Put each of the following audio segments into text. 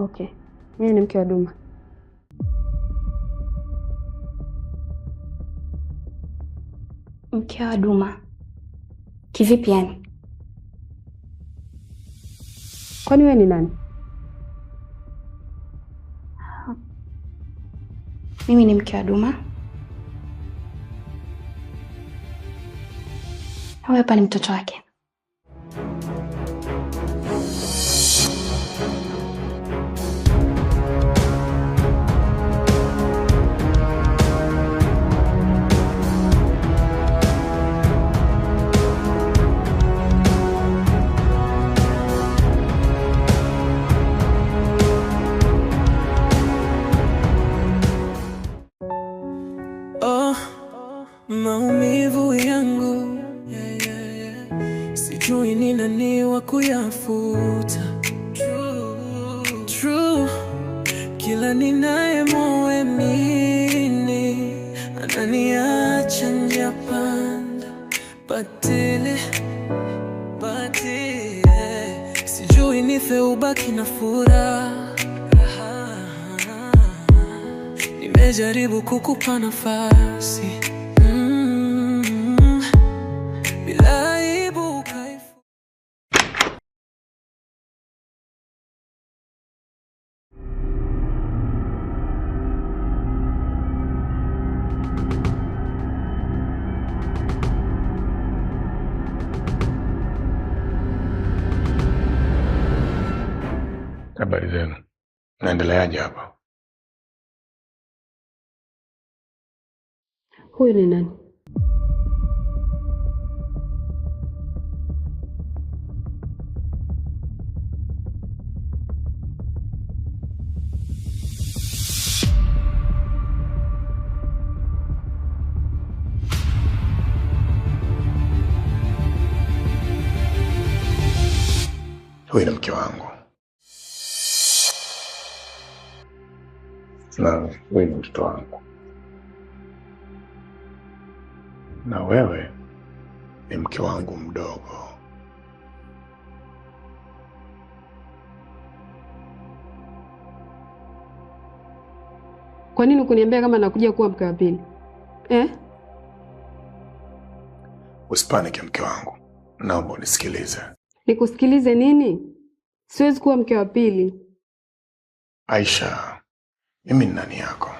Okay, mimi ni mke wa Duma. Mke wa Duma kivipi yani? Kwani wewe ni nani? Mimi ni mke wa Duma. Huyu hapa ni mtoto wake. batili batili sijui nife ubaki na furaha nimejaribu kukupa nafasi Habari zenu, naendeleaje hapa? Huyu ni nani? Huyu ni mke wangu. na wewe ni mtoto wangu, na wewe ni mke wangu mdogo. Kwa nini kuniambia kama nakuja kuwa mke wa pili eh? Usipanike mke wangu, naomba unisikilize. Nikusikilize nini? Siwezi kuwa mke wa pili Aisha. Mimi ni nani yako?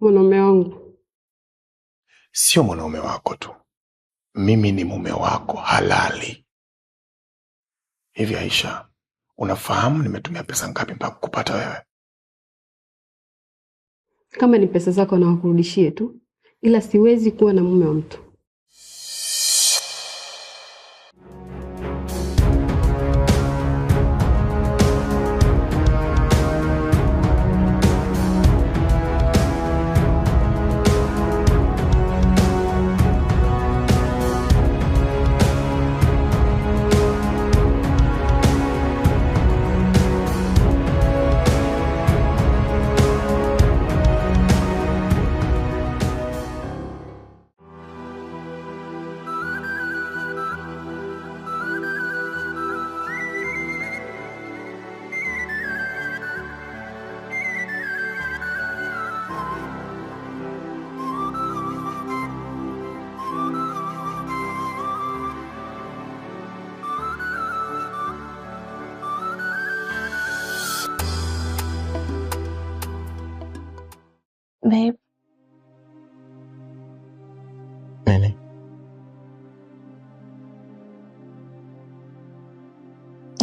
Mwanaume wangu. Sio mwanaume wako tu, mimi ni mume wako halali. Hivi Aisha, unafahamu nimetumia pesa ngapi mpaka kupata wewe? Kama ni pesa zako, nawakurudishie tu, ila siwezi kuwa na mume wa mtu.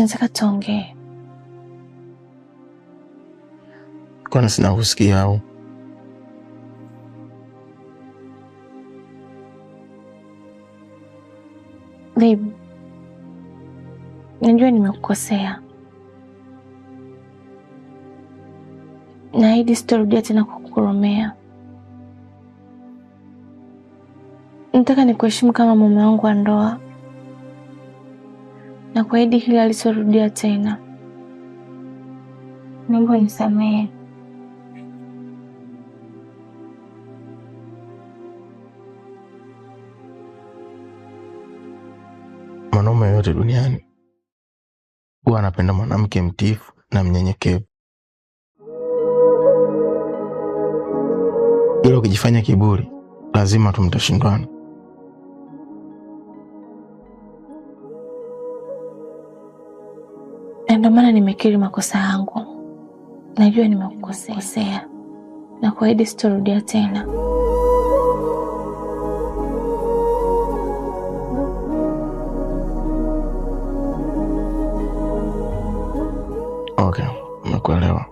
na tukataongee. Kwani sina kusikia au? Babe, najua nimekukosea, naahidi sitarudia tena kukukurumia. Nataka nikuheshimu kama mume wangu wa ndoa na kuahidi hili alichorudia tena. Naomba nisamehe. Mwanaume yote duniani huwa anapenda mwanamke mtifu na mnyenyekevu, ila ukijifanya kiburi, lazima tumtashindwana. Naona nimekiri makosa yangu, najua nimekukosea na kuahidi sitorudia tena. Okay, nimekuelewa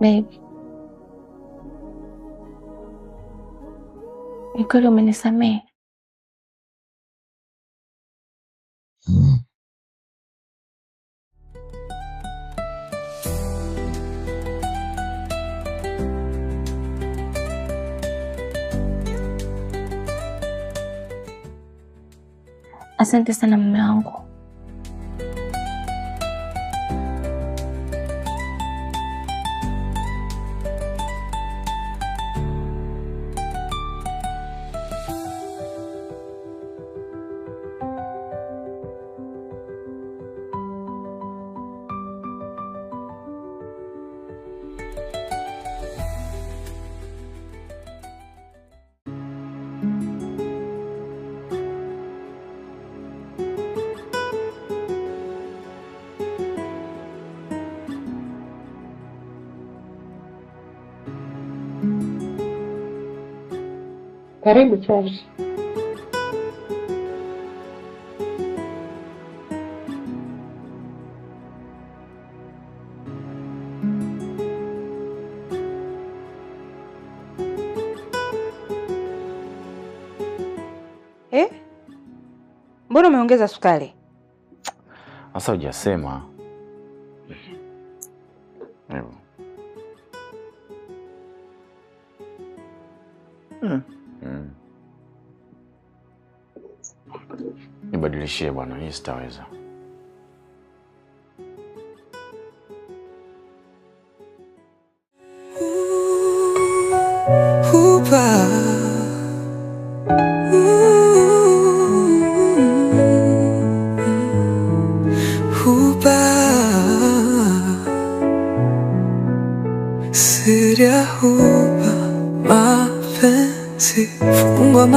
baby. Ni kweli umenisamehe. Asante sana mume wangu. Karibu Charles. Eh? Mbona umeongeza sukari? Sasa hujasema. Mm. Mm. Nibadilishie bwana, hii sitaweza. Hupa, hupa,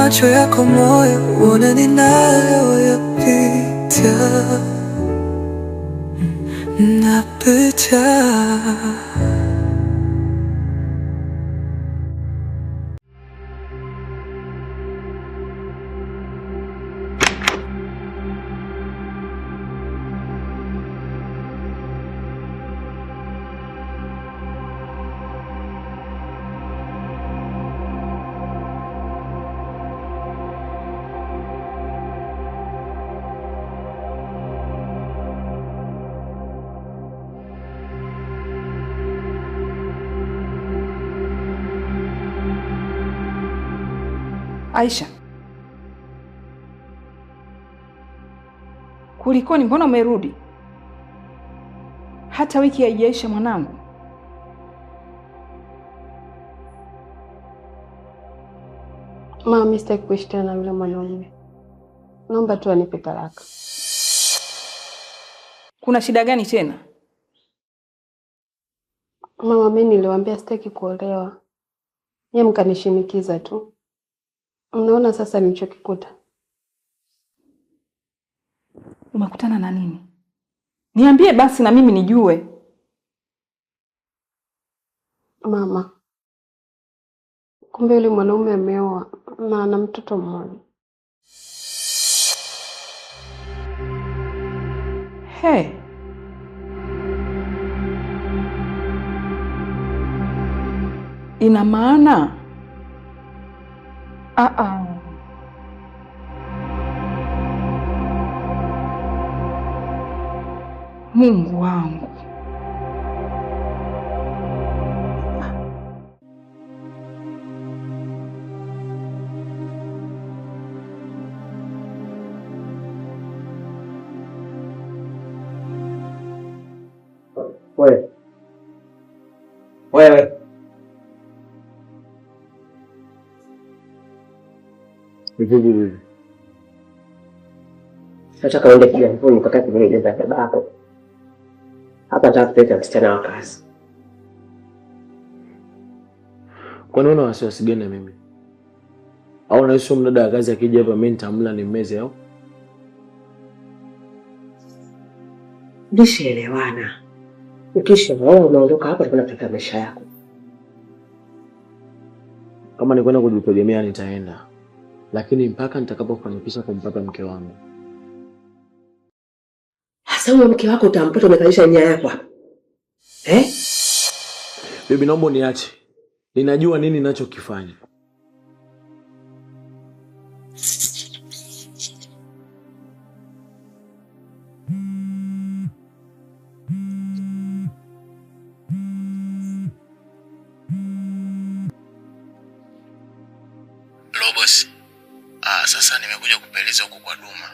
맞춰야 고마워요 원한이 나요 옆이다 나쁘다 Aisha, kulikoni? Mbona umerudi? Hata wiki haijaisha mwanangu. Mama, sitaki kuishi tena na yule mwanaume, naomba tu anipe talaka. Kuna shida gani tena mama? Mimi niliwaambia sitaki kuolewa, yeye mkanishinikiza tu. Unaona sasa nilichokikuta. Umekutana na nini? Niambie basi na mimi nijue. Mama, kumbe yule mwanaume ameoa na ana mtoto mmoja. Hey. Ina maana Ah ah. Mungu wangu. Vijiji hivi nataka uende kijamvuni mpaka kivune ijaza baba babako hapa. Nataka kupeleka msichana wa kazi. Kwani una wasiwasi gani na mimi? Au naisu mdada wa kazi akija hapa mimi nitamla ni mmeze au? Nishaelewana. Ukisha wewe unaondoka hapa unakwenda kutafuta maisha yako. Kama nikwenda kujitegemea nitaenda lakini mpaka nitakapofanikisha kumpata mke wangu. Hasa huyo mke wako utampata, umekalisha nia yako hapa eh? Bibi, naomba niache, ninajua nini ninachokifanya. Sasa nimekuja kupeleza huko kwa Duma,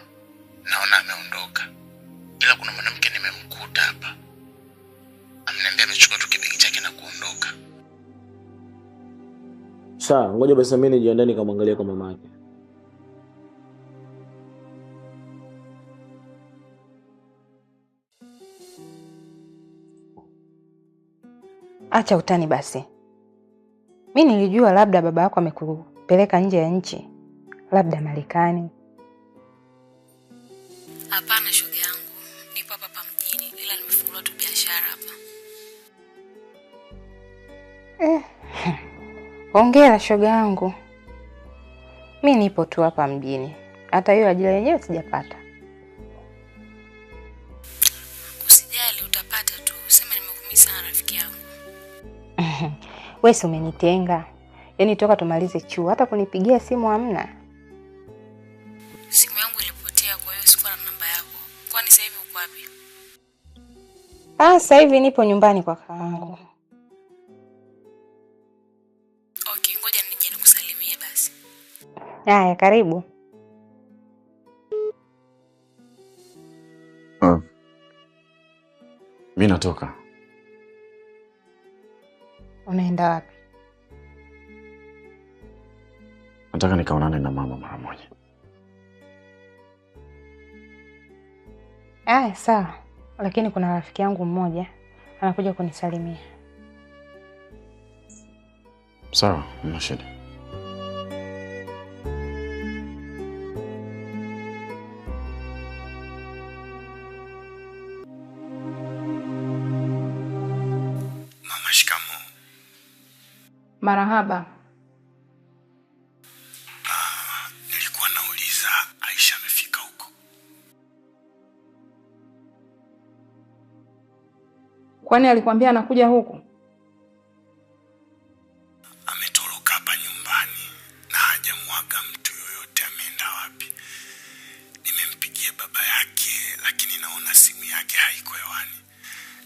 naona ameondoka, ila kuna mwanamke nimemkuta hapa, ameniambia amechukua tu kibegi chake na kuondoka. Sawa, ngoja basi mimi nijiandae nikamwangalia kwa mama yake. Acha utani basi, mi nilijua labda baba yako amekupeleka nje ya nchi labda Marekani? Hapana shoga yangu, nipo hapa hapa mjini, ila nimefungua tu biashara hapa. Eh, hongera shoga yangu. Mi nipo tu hapa mjini, hata hiyo ajira yenyewe sijapata. Usijali, utapata tu, sema nimekumia sana rafiki yangu. Wewe umenitenga, yaani toka tumalize chuo hata kunipigia simu hamna. Ah, sasa hivi nipo nyumbani kwa kakaangu. Okay, ngoja nije nikusalimie basi. Haya, karibu. Uh, mi natoka. Unaenda wapi? Nataka nikaonane na mama mara moja. Aya, sawa lakini kuna rafiki yangu mmoja anakuja kunisalimia. Sawa, nina shida. Mama, shikamoo. Marahaba. Kwani alikwambia anakuja huku? Ametoroka hapa nyumbani na hajamwaga mtu yoyote. Ameenda wapi? Nimempigia baba yake, lakini naona simu yake haiko hewani,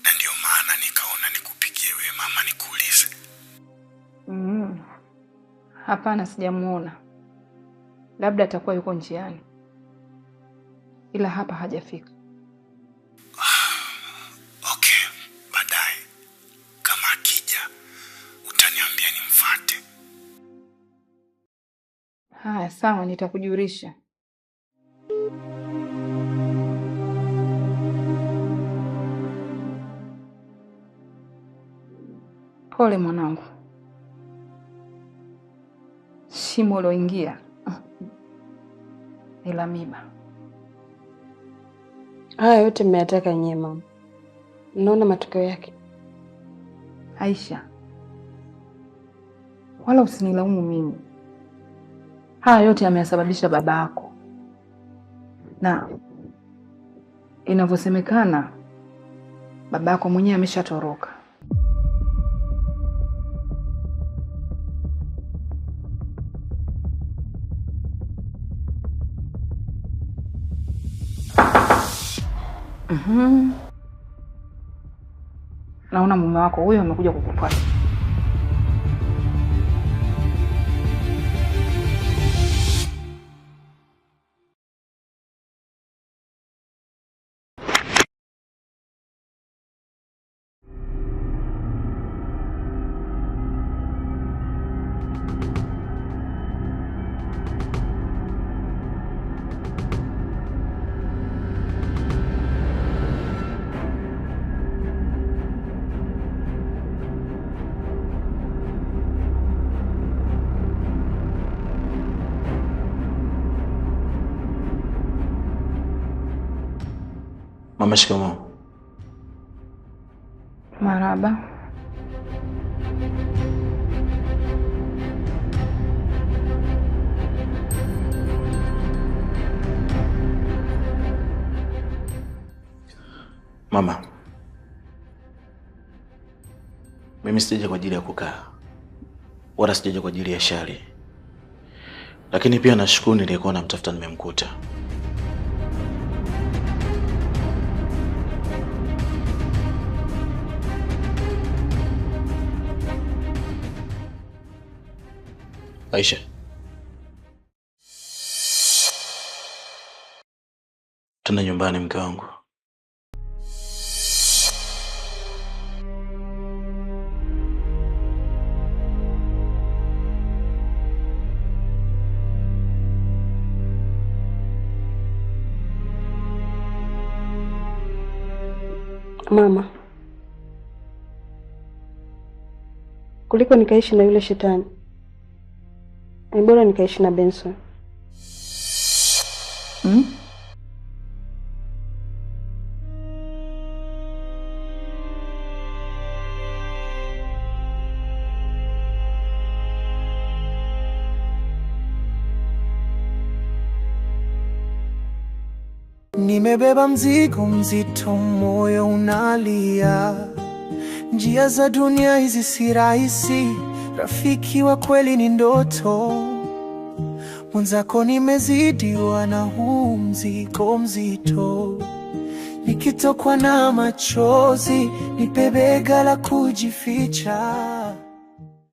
na ndio maana nikaona nikupigie wewe mama, nikuulize. Mm. Hapana, sijamuona, labda atakuwa yuko njiani, ila hapa hajafika. Haya, sawa, nitakujulisha. Pole mwanangu, shimo loingia ni la miba. Haya yote mmeyataka nyewe mama, mnaona matokeo yake. Aisha, wala usinilaumu mimi Haya yote ameyasababisha baba yako, na inavyosemekana baba yako mwenyewe ameshatoroka. Mm -hmm. Naona mume wako huyo amekuja kukupata. Mama, shikamoo. Maraba. Mama, mimi sijaja kwa ajili ya kukaa wala sijaja kwa ajili ya shari, lakini pia nashukuru niliyekuwa namtafuta nimemkuta. Aisha. Tuna nyumbani mke wangu. Mama, kuliko nikaishi na yule shetani ni bora nikaishi na Benson. Hmm? Nimebeba mzigo mzito, moyo unalia. Njia za dunia hizi si rahisi, rafiki wa kweli ni ndoto mwenzako, nimezidiwa na huu mzigo mzito, nikitokwa na machozi, nipe bega la kujificha.